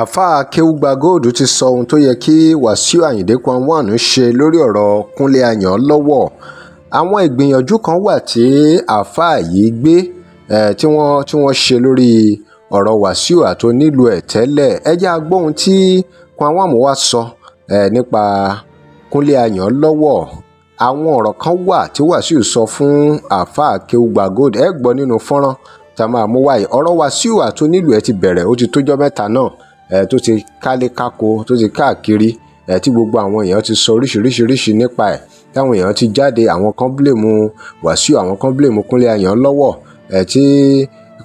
àáfàá kéúgbàgold ti sọ ohun tó yẹ kí wàsíù ayíǹde Gọ̀ǹwọ̀n ṣe lórí ọ̀rọ̀ kúnlé ayánlọ́wọ́ àwọn ìgbìyànjú kan wà tí àáfàá yìí gbé tí wọ́n tí wọ́n ṣe lórí ọ̀rọ̀ wàsíù àtònílù ẹ̀ tẹ́lẹ̀ ẹ jẹ́ agbóhun tí Gọ̀ǹwọ̀n wá sọ nípa kúnlé ayánlọ́wọ́ àwọn ọ̀rọ̀ kan wà tí wàsíù sọ fún àáfàá kéúgbàgold ẹ gbọ́ nínú fọ́nrán tá a máa mú wáyé ọ̀rọ̀ wàsíù àtònílù ẹ̀ ti bẹ̀rẹ̀ ó ti tójọ́ mẹ́ta náà tó ti kálékáko tó ti káàkiri tí gbogbo àwọn èèyàn ti sọ oríṣiríṣiríṣi nípa ẹ̀ táwọn èèyàn ti jáde àwọn kan blèmù Wàsíù àwọn kan blèmù Kúnlé Ayọ̀nlọ́wọ́ tí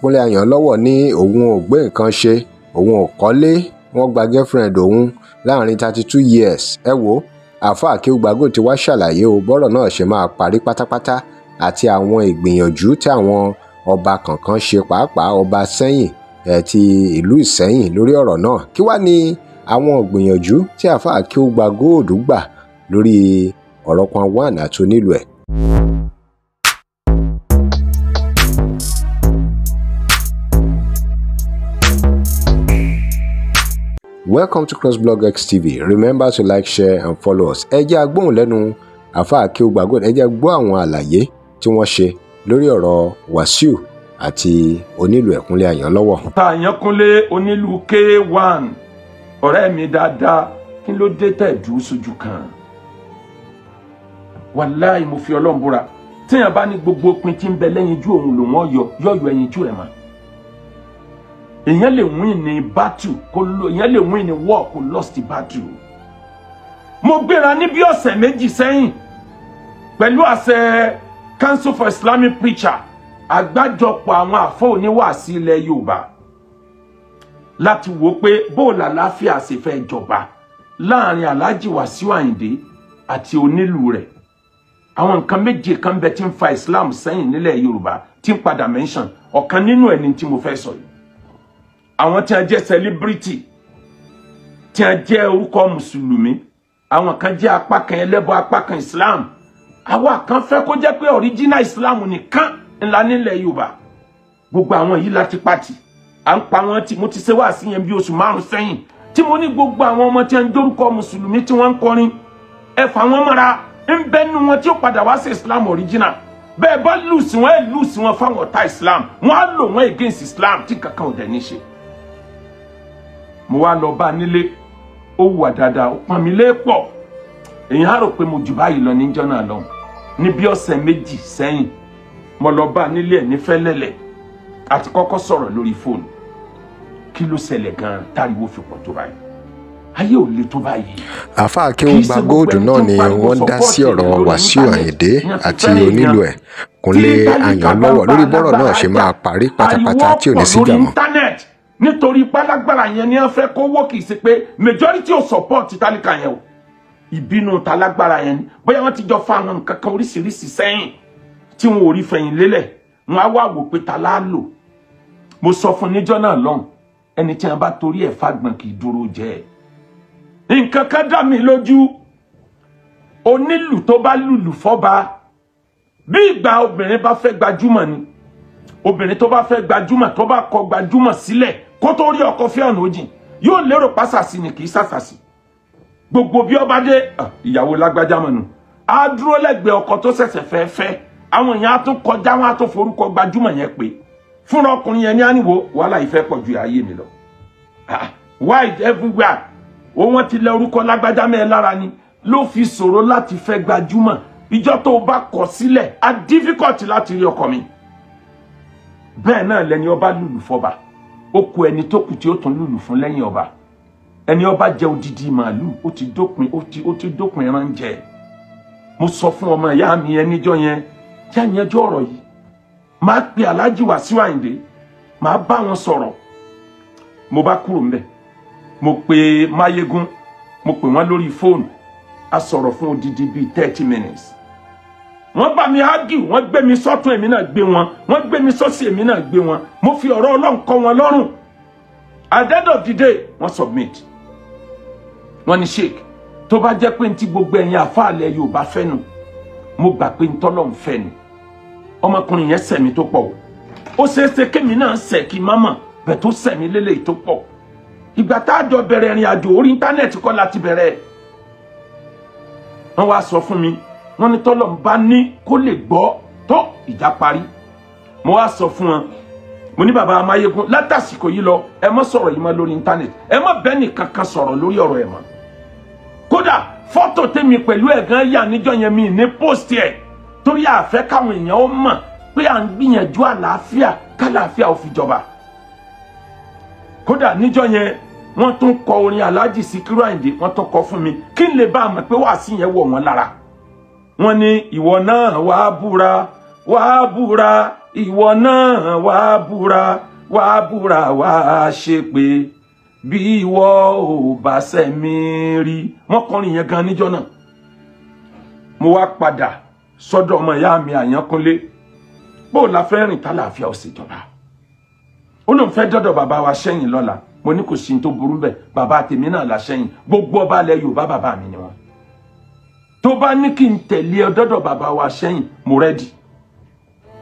Kúnlé Ayọ̀nlọ́wọ́ ní òun ò gbé nǹkan ṣe òun ò kọ́lé wọ́n gba girlfriend òun láàrin thirty two years ẹ wo àáfàá Akéwùgbàgò ti wá ṣàlàyé o bọ́rọ̀ náà ṣe máa parí pátápátá àti àwọn ìgbìyànjú tí àwọn ọba kankan ṣe pàápàá ọba Ṣẹ́yìn ti ìlú Ìsẹ́yìn lórí ọ̀rọ̀ náà kí wá ni àwọn ìgbìyànjú tí àáfàá Akeugba Gold gbà lórí ọ̀rọ̀ Paul Wan àti onílù ẹ̀. Welcome to crossblogX TV remember to like share and follow us ẹ jẹ́ agbóhùn lẹ́nu àáfàá Akeugba Gold ẹ jẹ́ gbọ́ àwọn àlàyé tí wọ́n ṣe lórí ọ̀rọ̀ Wàsíù àti onílù ẹ̀kúnlé àyànlọ́wọ́. ta àyànkúnlé onílù k1 ọ̀rẹ́ mi dáadáa kí ló dé tẹ̀ dùn sójú kan wàláì mo fi ọlọ́run búra téèyàn bá ní gbogbo pin tí ń bẹ lẹ́yìn ju òun lòun ọ̀yọ́ yọ̀yọ̀ ẹ̀yìn ju ẹ̀ mọ́ èèyàn lè win ní battle kó èèyàn lè win ní war kó lost battle mo gbéra ní ọ̀sẹ̀ méjì sẹ́yìn pẹ̀lú àṣẹ council for islamic preacher àgbájọpọ̀ àwọn àfọ́ oníwàásí ilẹ̀ Yorùbá láti wò pé bóòlù àlàáfíà ṣe fẹ́ jọba láàrin Alhaji Wasiu Ayinde àti onílù rẹ̀ àwọn nǹkan méje kan bẹ tí ń fa Islam sẹ́yìn nílẹ̀ Yorùbá tí ń padà mention ọ̀kan nínú ẹni tí mo fẹ́ sọ yìí àwọn tí a jẹ́ celebrity tí a jẹ́ orúkọ mùsùlùmí àwọn kan jẹ́ apá kan ẹlẹ́bọ apá kan Islam àwa kan fẹ́ kó jẹ́ pé original Islam nìkan ńlá nílẹ̀ yorùbá gbogbo àwọn yìí láti pàtì à ń pa wọn tí mo ti ṣe wá sí yẹn bí oṣù márùn sẹ́yìn tí mo ní gbogbo àwọn ọmọ tí ń dórúkọ mùsùlùmí tí wọ́n ń kọrin ẹ fà wọ́n ń bẹ́nu wọn tí ó padà wá sí islam original bẹ́ẹ̀ bá lùsì wọn ẹ̀ lùsì wọn fáwọn ọ̀tá islam wọn á lò wọn against islam tí kankan ò dẹ̀ ní ṣe. mo wá lọ bá nílé ó wùwà dáadáa ó pọn mi lé pọ̀ èyí á rò pé mo jù báyìí lọ níjọ́ náà lọ ní ọ̀sẹ̀ méjì sẹ́yìn mo lọ bá nílé ẹ̀ ní fẹ́lẹ́lẹ̀ àti kọ́kọ́ sọ̀rọ̀ lórí fóònù kí ló ṣẹlẹ̀ gan-an táriwo fi pọ̀ tó báyìí ayé ò le tó báyìí. àfa akéwùgbà góòdù náà ni wọ́n dá sí ọ̀rọ̀ wàsíù àyìndé àti onílù ẹ̀ kúnlé ayànlọ́wọ́ lórí bọ́rọ̀ náà ṣe máa parí pátápátá tí ò ní síjà mọ́. nítorí pálágbára yẹn ni wọ́n fẹ́ kó wó kì í ṣe pé majority ò support tálíkà yẹn o ìbínú tálágbára yẹn ni bóyá wọ́n ti jọ fa àwọn nǹkan kan oríṣiríṣi sẹ́yìn tí wọn ò rí fẹ̀yìn lélẹ̀ wọn á wá wò pé ta la lò mo sọ fún níjọ́ náà lọ́hùn ẹni tí wọn bá torí ẹ̀ fàgbọ̀n kì í dúró jẹ́ ẹ nǹkan kan dá mi lójú onílù tó bá lùlù fọ́ba bí ìgbà obìnrin bá fẹ́ gbajúmọ̀ ni obìnrin tó bá fẹ́ gbajúmọ̀ tó bá kọ gbajúmọ̀ sílẹ̀ kó tó rí ọkọ fẹ́ ọ̀nà òjìn yóò lérò pásàsì ni kì í sàsàsì gbogbo bí ọba dé ah, ìyàwó lágbájá mọ̀nù á dúró lẹ́gbẹ̀ẹ́ ọkọ tó ṣẹ̀ṣẹ̀ fẹ́ fẹ́ àwọn èèyàn á tún kọjá wọn á tún forúkọ gbajúmọ̀ yẹn pé fúnra ọkùnrin yẹn ní àníwò wàhálà ìfẹ́ pọ̀ ju ayé mi lọ ah, ah, why everywhere òun ti lẹ orúkọ lágbájá mẹ́ẹ̀ lára ni ló fi ṣòro láti fẹ́ gbajúmọ̀ ìjọ tó o bá kọ̀ sílẹ̀ á difficult láti rí ọkọ mi bẹ́ẹ̀ náà lẹni ọba lùlù fọba ó kù ẹni tó kù tí ó tún lùlù fún lẹ́yìn ọba ẹni ọba jẹ odidi màálù ó ti dópin ó ti dópin ẹran mo sọ fún ọmọ ìyá mi ẹníjọ yẹn já yanjú ọ̀rọ̀ yìí máa pe aláàjì Wàsíù Àyìndé máa bá wọn sọ̀rọ̀ mo bá kúrò ńbẹ̀ mo pe Máyégún mo pè wọ́n lórí fóònù a sọ̀rọ̀ fún odidi bíi thirty minutes wọ́n bá mi ágì wọ́n gbé mi sọ́tún èmi náà gbé wọn wọ́n gbé mi sọ́sì èmi náà gbé wọn mo fi ọ̀rọ̀ Ọlọ́run kọ́ wọn lọ́rùn at the end of the day wọ́n submit wọ́n ní sheik tó bá jẹ́ pé ní ti gbogbo ẹ̀yin àfáàlẹ̀ Yorùbá fẹ́ nù mo gbà pé ntọ́lọ̀ ń fẹ́ ni ọmọkùnrin yẹn sẹ̀mí tó pọ̀ ó ṣeé ṣe kémi náà sẹ̀ kí má mọ̀ bẹ̀ tó sẹ̀mí lélẹ̀ tó pọ̀ ìgbà tá a jọ bẹ̀rẹ̀ ìrìn àjò orí íńtánẹ́ẹ̀tì kọ́ láti bẹ̀rẹ̀ wọ́n wá sọ fún mi wọ́n ní tọ́lọ̀ ń bá ní kó lè gbọ́ tó ìjà parí mo wá sọ fún wọn mo ní baba amáyégún látàsìkò yìí lọ ẹ má sọ̀rọ̀ yìí mọ́ lórí íńtánẹ́ẹ̀tì ẹ má bẹ́ẹ̀ nìkan kan sọ̀rọ̀ lórí ọ̀rọ̀ ẹ̀ mọ́ kódà fọ́tò tèmi pẹ̀lú ẹ̀gán yà níjọ́ yẹn mi ní post ẹ̀ torí àfẹ́ káwọn èèyàn ó mọ̀ pé à ń gbìyànjú àlàáfíà kálàáfíà ò fi jọba kódà níjọ́ yẹn wọ́n tún kọ orin Alhaji Sikiru Ayinde wọ́n tún kọ fún mi kí n lè bá a mọ̀ pé wàásì yẹn wọ̀ wọ́n lára wọ́n ní ìwọ náà wàá búra wàá búra ìwọ náà wàá búra wàá búra wàá ṣépè bí ìwọ ò bá sẹ̀mí rí wọ́n kọrin yẹn gan níjọ́ náà mo wá padà sọ́dọ̀ ọmọ ìyá mi àyánkúnlé bó o la fẹ́ rìn tálàáfíà ò sì jọba ó lóun fẹ́ dọ́dọ̀ bàbá wa sẹ́yìn lọ́la mo ní kò sí ní tó burú bẹ́ẹ̀ bàbá tèmi náà la sẹ́yìn gbogbo ọba alẹ́ yorùbá bàbá mi ni wọn tó bá ní kí n tẹ̀lé ọ bàbá wa sẹ́yìn mo rẹ́dì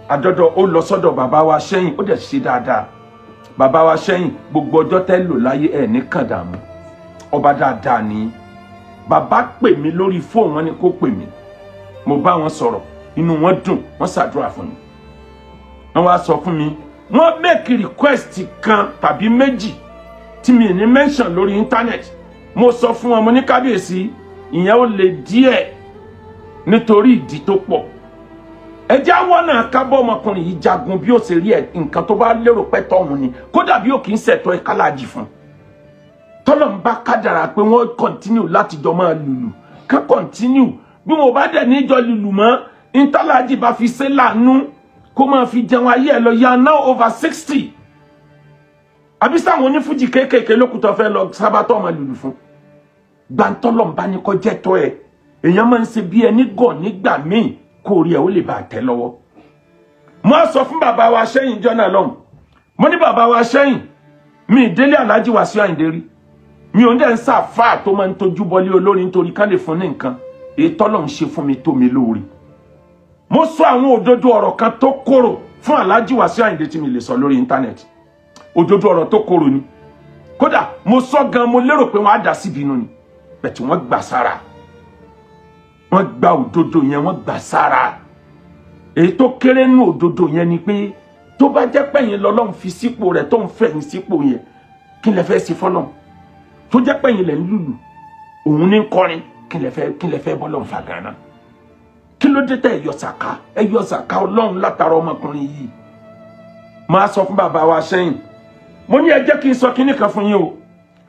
àdọ́dọ̀ ó lọ sọ́dọ̀ bàbá wa sẹ́yìn ó dẹ̀ ṣe dáadáa bàbá wa sẹ́yìn gbogbo ọjọ́ tẹ́ lò láyé ẹ̀ ní kàdàmú ọba dáadáa ni bàbá pè mí lórí fóònù wọn ni kó pè mí mo bá wọn sọ̀rọ̀ inú wọn dùn wọ́n ṣàdúrà fún mi wọ́n wá sọ fún mi wọ́n make request kan tàbí méjì tí mi ní mention lórí internet mo sọ fún wọn mo ní kábíyèsí ìyẹn ó le díẹ̀ nítorí ìdí tó pọ̀ ẹjẹ́ àwọn náà kábọ̀ ọmọkùnrin yìí jagun bí ó ṣe rí ẹ̀ nǹkan tó bá lérò pẹ́ tọ̀hún ni kódà bí ó kì í ṣẹ̀tọ́ ẹ̀ kálàjì fún tọ́lọ̀ ń bá kádàrà pé wọ́n kọ̀ntínú láti jọ máa lùlù ká kọ̀ntínú bí wọn ò bá dẹ̀ níjọ lùlù mọ́ ntálàjì bá fi ṣe láàánú kó máa fi jẹun ayé ẹ̀ lọ ya now over sixty àbí sáwọn onífújì kéékèèké lókùtọ̀ fẹ́ lọ sábàtọ̀ máa lùlù fún gbàǹtọ́lọ̀ ń bá ní kọjẹ́ tọ́ ẹ̀ èèyàn máa ń ṣe bí ẹni gọ̀ nígbà míì kó orí ẹ̀ ó lè bá tẹ́ lọ́wọ́ mo sọ fún bàbá wa sẹ́yìn jọ́nà lọ́hùn mo ní bàbá wa sẹ́yìn mi ìdílé aláàjì wá sí àyíndé rí mi ò ń dẹ̀ ń sàfáà tó máa ń tojú bọlé olórin nítorí ká lè fún ní nǹkan èyí tọ́lọ́hún ṣe fún mi tó mi lóore mo sọ àwọn òdodo ọ̀rọ̀ kan tó korò fún aláàjì wá sí àyíndé tí mi lè sọ lórí íńtánẹ́ẹ̀tì òdodo ọ̀rọ̀ tó korò ni kódà mo sọ gan mo lérò pé wọ́n á dà síbi inú ni bẹ̀tì wọ́n gbà sára wọ́n gba òdodo yẹn wọ́n gbà sára èyí tó kéré nù òdodo yẹn ni pé tó bá jẹ́ pẹ̀yìn lọ́lọ́run fi sípò rẹ̀ tó ń fẹ̀yìn sípò yẹn kí lẹ fẹ́ sí fọ́lọ́run tó jẹ́ pẹ̀yìn lẹ̀ ń lùlù òun ní kọrin kí lẹ fẹ́ kí lẹ fẹ́ bọ́lọ́run fà kí ló dé tẹ ẹ̀yọ sàká ẹ̀yọ sàká ọlọ́run látara ọmọkùnrin yìí máa sọ fún bàbá wa sẹ́yìn mo ní ẹ jẹ́ kí n sọ kinní kan fún yín o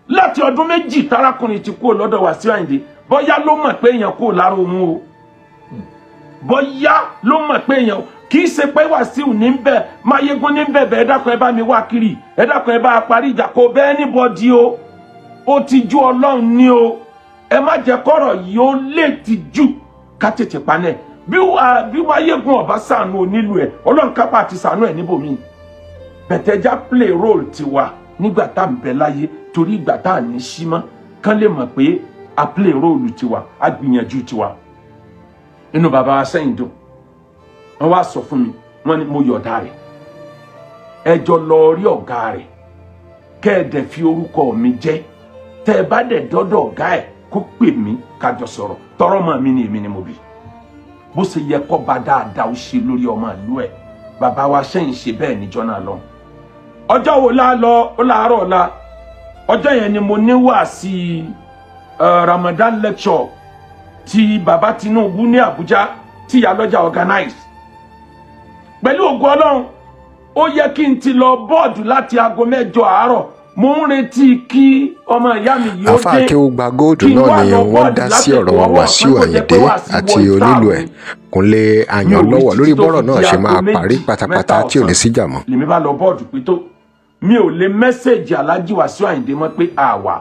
láti ọdún méjì tarakùnrin ti kú lọ́dọ̀ wá sí àyìndé bóyá ló mọ̀ pé èèyàn kò lára òun o hmm. bóyá ló mọ̀ pé èèyàn kì í ṣe pé Wàsíù ní bẹ̀ Máyégún ní bẹ̀bẹ̀ dákun ẹ bá mi wá kiri ẹ dákun ẹ bá parí ìjà kò bẹ́ẹ̀ níbọ̀dí o ó ti ju Ọlọ́run ní o ẹ má jẹ́ kọ́rọ̀ yìí ó lè ti jù ká tètè panẹ̀ bí Máyégún ọ̀bá ṣàánú onílù ẹ̀ Ọlọ́run kápá àti ṣàánú ẹ̀ níbòmíì bẹ̀tẹ̀já play role tiwa nígbà tá à ń bẹ láyé torí ìgbà tá à ní sí kán lè mọ̀ pé a play role tiwa a gbìyànjú tiwa nínú bàbá sẹ́yìn dùn wọ́n wá sọ mi wọ́n mo yọ̀ ọ̀dà lọ rí ọ̀gá rẹ̀ kẹ́ fi orúkọ mi je. tẹ́ dọ́dọ̀ ọ̀gá ẹ̀ kó pè mí kájọ tọrọ ma mi ni emi ni mo bi bó ṣe yẹ kọ́ ba ṣe lórí wa lọ wo la la ni mo uh, Ramadan lecture ti baba Tinubu ní Abuja tí Ìyálọ́jà organize pẹ̀lú ògùn Ọlọ́run ó yẹ kí n ti lọ bọ́ọ̀dù láti aago mẹ́jọ àárọ̀ mo ń retí kí ọmọ ìyá mi yóò dé afa Akéwùgbà Gold náà ni wọ́n dá sí ọ̀rọ̀ Wàsíù Àyìndé àti onílù ẹ̀ Kúnlé Ayànlọ́wọ́ lórí bọ́rọ̀ náà ṣe máa parí pátápátá tí ò ní síjà mọ́. lèmi bá lọ bọ́ọ̀dù pé tó mi ò lè mẹ́sẹ̀jì Aláàjì Wàsíù Àyìndé mọ́ pé àwa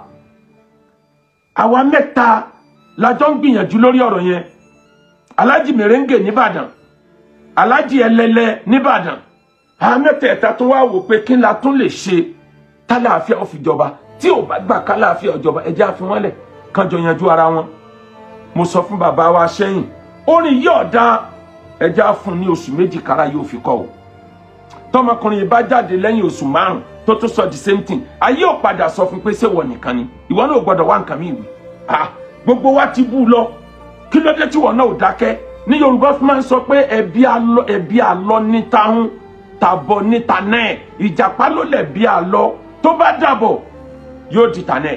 àwa mẹ́ta la jọ ń gbìyànjú lórí ọ̀rọ̀ yẹn alájì mèrèǹgè nìbàdàn alájì ẹlẹ́lẹ́ nìbàdàn àwa mẹ́tẹ̀ẹ̀ta tó wá wò pé kí n la tún lè ṣe kálàáfíà ó fi jọba tí ò bá gbà kálàáfíà ọ̀jọba ẹ̀jẹ̀ àfiwọ́nlẹ̀ kan yanjú ara wọn mo sọ fún bàbá wa sẹ́yìn orin yóò dá ẹ̀jẹ̀ àfun ní oṣù méjì kára yóò fi kọ́ o tọmọkùnrin yìí bá jáde lẹ́yìn oṣù márùn tó tún sọ the same thing ayé ò padà sọ fún pé ṣé wọ nìkan ni ìwọ náà ò gbọ́dọ̀ wá nǹkan mi ìwé ah gbogbo wa ti bú u lọ kí ló dé tí wọn náà ò dákẹ́ ní yorùbá fún máa ń sọ pé ẹbí alọ ẹbí alọ níta ń tàbọ níta náà ìjàpá ló lẹ bí alọ tó bá dàbọ̀ yóò di tà náà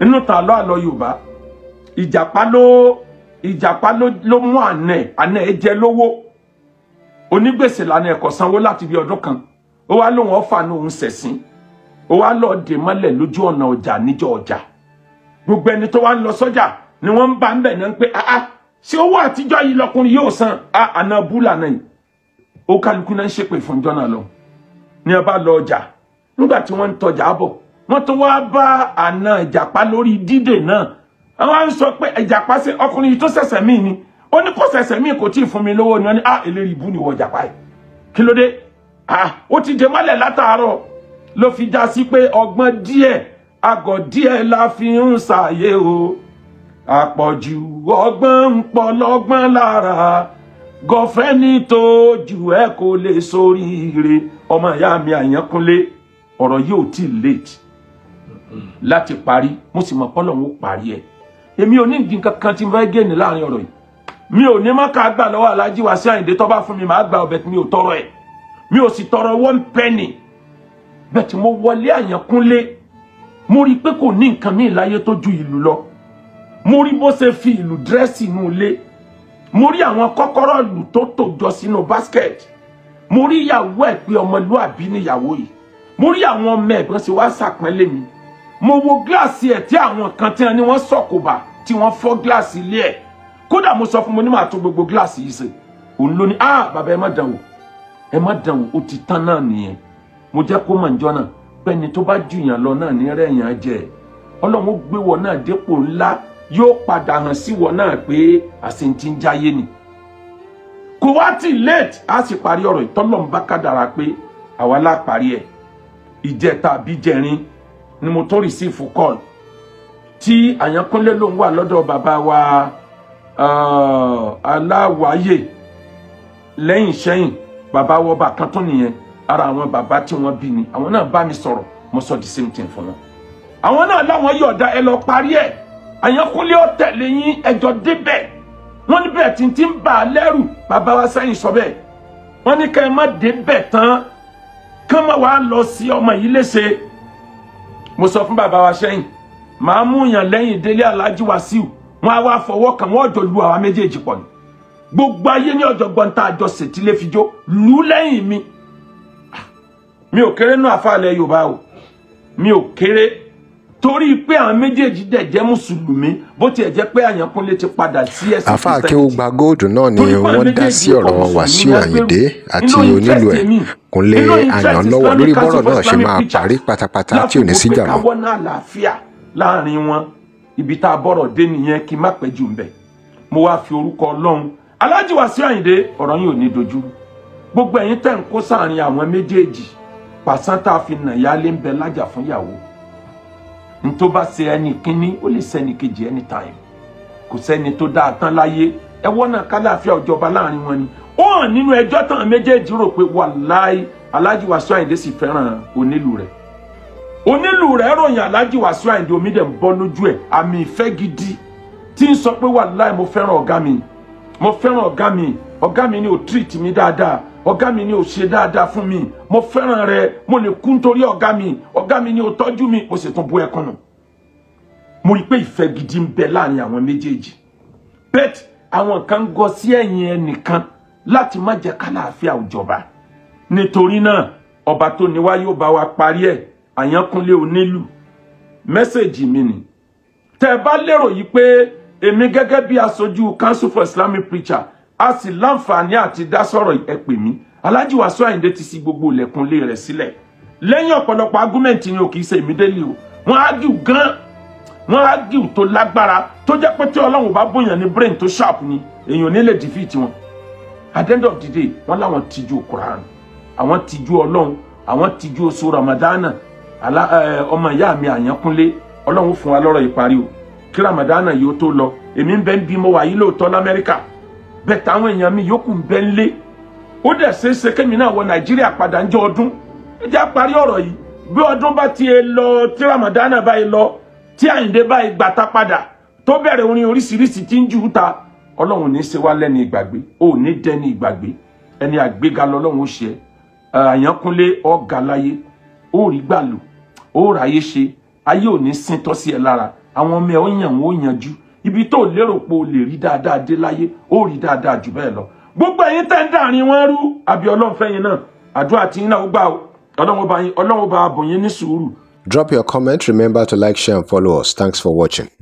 nínú tàn àlọ yorùbá ìjàpá ló ìjàpá ló mú àná àná ẹ jẹ lówó onigbese lànà ẹ̀kọ́ sanwó láti bí kan ó wá lóun ọ̀fà ní òun ṣẹ̀sìn ó wá lọ́ọ́ dè mọ́lẹ̀ loju ona oja nijo oja gbogbo ẹni to wa ń ni won ba bá na npe a ah ṣé owó àtijọ́ yi lọkùnrin san ah, àná ana náà na ó o náà ń ṣépè fún ni ọba lọ tọjà bọ̀ bá ni Oni ní kọ́sẹ̀sẹ̀ míì kò tí mi lówó ni wọ́n ah eléyìí ibú ni wọ́n jàpá yìí ah ó ti dè mọ́lẹ̀ látàárọ̀ ló fi já sí pé ọgbọ́n díẹ̀ agọ̀ díẹ̀ la fi ń ṣàyè o àpọ̀jù ọgbọ́n ń pọ̀ lọ́gbọ́n lára gọ̀fẹ́ ní tó jù ẹ́ kò lè soríire ọmọ mi àyànkúnlé ọ̀rọ̀ yìí ò tí late lati pari mo sì mọ̀ pọ́lọ́hún ó parí ẹ̀ èmi ò ní nǹkan kan tí mo fẹ́ gé ní láàrin ọ̀rọ̀ mi ò ní má ká gbà lọ́wọ́ alájí wá sí àyìndé tó bá fún mi màá gba ọbẹ̀ mi ò tọrọ ẹ̀ mi ò sì tọrọ one penny bẹ́ẹ̀ tí mo wọlé àyànkúnlé mo rí i pé kò ní nǹkan míì láyé tó ju ìlú lọ mo rí bó ṣe fi ìlú dírẹ́sì inú ilé mo rí àwọn kọ́kọ́rọ́ ìlú tó tò jọ sínú basket mo rí ìyàwó ẹ̀ pé ọmọlúàbí níyàwó yìí mo rí àwọn ọmọ ẹ̀gbọ́n ṣe wá ṣàpọ́nlé mi mo wo gíláàsì ẹ̀ tí àwọn kan tí wọ́n sọ̀kòbà tí wọ́n fọ́ gíláàsì ilé ẹ̀ kódà mo sọ fún mo ní màá tún gbogbo gíláàsì yìí ṣe òun ló ní ah bàbá ẹ má dàn wò ẹ má dàn wò ó ti tán náà nìyẹn mo jẹ́ kó mọ̀ níjọ́ náà pẹ́ni tó bá jù yàn lọ náà ní rẹ̀yàn jẹ ọlọ́run ó gbé wọ náà dépò ńlá yóò padà hàn sí wọ náà pé àṣentí ń jáyé ni kò wá tí late á sì parí ọ̀rọ̀ ìtọ́lọ́run bá kádàrá pé àwa lá parí ẹ̀ ìjẹta àbíjẹrin ni mo tó rìsífù kọ́ọ̀lù tí àyànkúnlé lòun wà lọ́dọ̀ bàbá wa. Ah, aláwáyè lẹ́yìn sẹ́yìn bàbá wọba kan tó nìyẹn ara àwọn bàbá tí wọ́n bí ni àwọn náà bá mi sọ̀rọ̀ mo sọ di same thing fún wọn. àwọn náà láwọn yọ̀ọ̀dá ẹ lọ parí ẹ̀ àyànkúnlé ọ̀tẹ̀lẹ̀ yín ẹjọ́ débẹ̀ wọ́n níbẹ̀ tí tí ń bà á lẹ́rù bàbá wa sẹ́yìn sọ bẹ́ẹ̀ wọ́n ní ká ẹ má débẹ̀ tán kán má wàá lọ sí ọmọ yìí léṣe mo sọ fún bàbá wa sẹ́yìn màá mú yàn lẹ́yìn délé aláàjì wàsíù wọn á wá fọwọ́ kan wọn jọ lu àwa méjèèjì pọ̀ ni gbogbo ayé ní ọ̀jọ̀gbọ́n tá a jọ ṣètìlé fijó lù ú mi mi ò kéré náà àfàlẹ́ yorùbá o mi ò kéré torí pé àwọn méjèèjì dẹ̀ jẹ́ mùsùlùmí bó tiẹ̀ jẹ́ pé Àyànkúnlé ti padà sí ẹ̀sìn kìtẹ́ẹ̀tì. àfa akéwùgbà góòdù náà ni wọ́n dá sí ọ̀rọ̀ Wàsíù Àyìndé àti onílù ẹ̀ Kúnlé Àyànlọ́wọ́ lórí bọ́rọ̀ náà ṣe máa parí pátápátá tí ò ní síjà mọ́. láàrin wọn ibi tá a bọ̀rọ̀ dé nìyẹn kí má pẹ́ jù mo wá fi orúkọ ọlọ́run Alhaji Wasiu Ayinde ọ̀rọ̀ yìí ò ní dojú gbogbo ẹ̀yin tẹ̀ ń kó sáàrin àwọn méjèèjì a fi nà yálé ń bẹ lájà fún ìyàwó n tó bá ṣe ẹni kínní ó lè ṣe ẹni kejì anytime kò sẹ́ni tó dáa tán láyé ẹwọ́ náà kálàáfíà láàrin wọn ni ó hàn nínú ẹjọ́ tán méjèèjì rò pé wàláì sì onílù rẹ̀ ròyìn aláàjì Wàsíù Àyìndé Omídé ń bọ́ lójú ẹ̀ àmì ìfẹ́ gidi tí ń sọ pé wàláì mo fẹ́ràn ọ̀gá mi mo fẹ́ràn ọ̀gá mi ọ̀gá mi ni ò treat mi dáadáa ọ̀gá mi ni ò ṣe dáadáa fún mi mo fẹ́ràn rẹ mo lè kú nítorí ọ̀gá mi ọ̀gá mi ni ò tọ́jú mi mo sì tún bú ẹkún nù. mo rí i pé ìfẹ́ gidi ń bẹ láàrin àwọn méjèèjì bẹ́ẹ̀ àwọn kan gọ sí ẹ̀yìn ẹnìkan láti má jẹ́ kálàáfíà òjọba nítorí náà ọba tó ní wá yóò bá wa parí ẹ̀ àyànkúnlé onílù mẹ́sẹ̀jì mi ni tẹ́ ẹ bá lérò yìí pé èmi gẹ́gẹ́ bí aṣojú council for islamic preacher a sì láǹfààní àti dá sọ̀rọ̀ ẹ pè mí aláàjì wàásù àyíndé ti ṣí gbogbo ilẹ̀kùnlé rẹ̀ sílẹ̀ lẹ́yìn ọ̀pọ̀lọpọ̀ agúmẹ̀ntì ni o kì í ṣe ìmídélé o wọ́n á gíw gan wọ́n á gíw tó lágbára tó jẹ́ pé tí ọlọ́run bá bóyàn ní brain tó sharp ni èèyàn nílé defeat wọn at end of the day wọ́n láwọn tijú Quran àwọn tijú ọlọ́run àwọn tijú oṣù Ramadana ọmọ ìyá mi àyànkúnlé ọlọ́run fún wa lọ́rọ̀ ìparí o kí ramadana yóò tó lọ èmi ń bẹ ń bímọ wàyí lóòótọ́ lamẹ́ríkà bẹ́ẹ̀ táwọn èèyàn mi yòókù ń bẹ ń lé ó dẹ̀ ṣe é ṣe kémi náà wọ nàìjíríà padà ń jẹ ọdún ẹ jẹ́ àparí ọ̀rọ̀ yìí bí ọdún bá ti lọ tí ramadana báyìí lọ tí àyíndé báyìí gbàtà padà tó bẹ̀rẹ̀ orin oríṣiríṣi tí ń jù ú ta ọlọ́run ní í ṣe wá lẹ́ni ìgbàgbé ò ní dẹ́ni ìgbàgbé ẹni àgbéga lọ́lọ́run ó ṣe àyànkúnlé ọ̀gá láyé ó rí gbàlù ó ráyé ṣe ayé ò ní sin tọ́ sí ẹ lára àwọn ọmọ ẹ ó yàn ó yanjú ibi tó lérò pé o lè rí dáadáa dé láyé ó rí dáadáa jù bẹ́ẹ̀ lọ gbogbo ẹ̀yin tẹ́ ń dàrin wọn rú àbí ọlọ́run fẹ́yìn náà àdúrà tí yín náà gbà ó ọlọ́run bá yín ní sùúrù. Drop your comment. Remember to like, share, and follow us. Thanks for watching.